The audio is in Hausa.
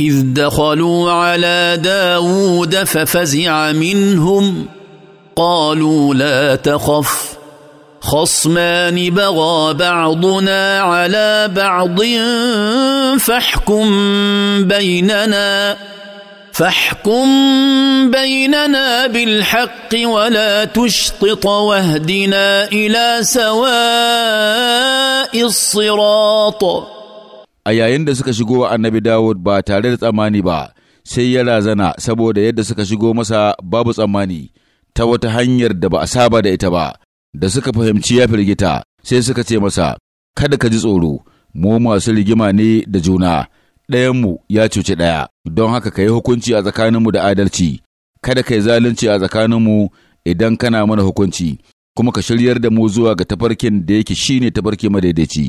إذ دخلوا على داود ففزع منهم قالوا لا تخف خصمان بغى بعضنا على بعض فاحكم بيننا فاحكم بيننا بالحق ولا تشطط واهدنا إلى سواء الصراط a yayin da suka shigo annabi Dawud ba tare da tsammani ba, sai ya razana saboda yadda suka shigo masa babu tsammani ta wata hanyar da ba a saba da ita ba, da suka fahimci ya firgita sai suka ce masa, Kada ka ji tsoro, mu masu rigima ne da juna, ɗayan mu ya cuci ɗaya, don haka ka yi hukunci a tsakaninmu da adalci, kada ka yi zalunci a tsakaninmu idan kana mana hukunci, kuma ka shiryar da mu zuwa ga tafarkin da yake shine tafarki madaidaici.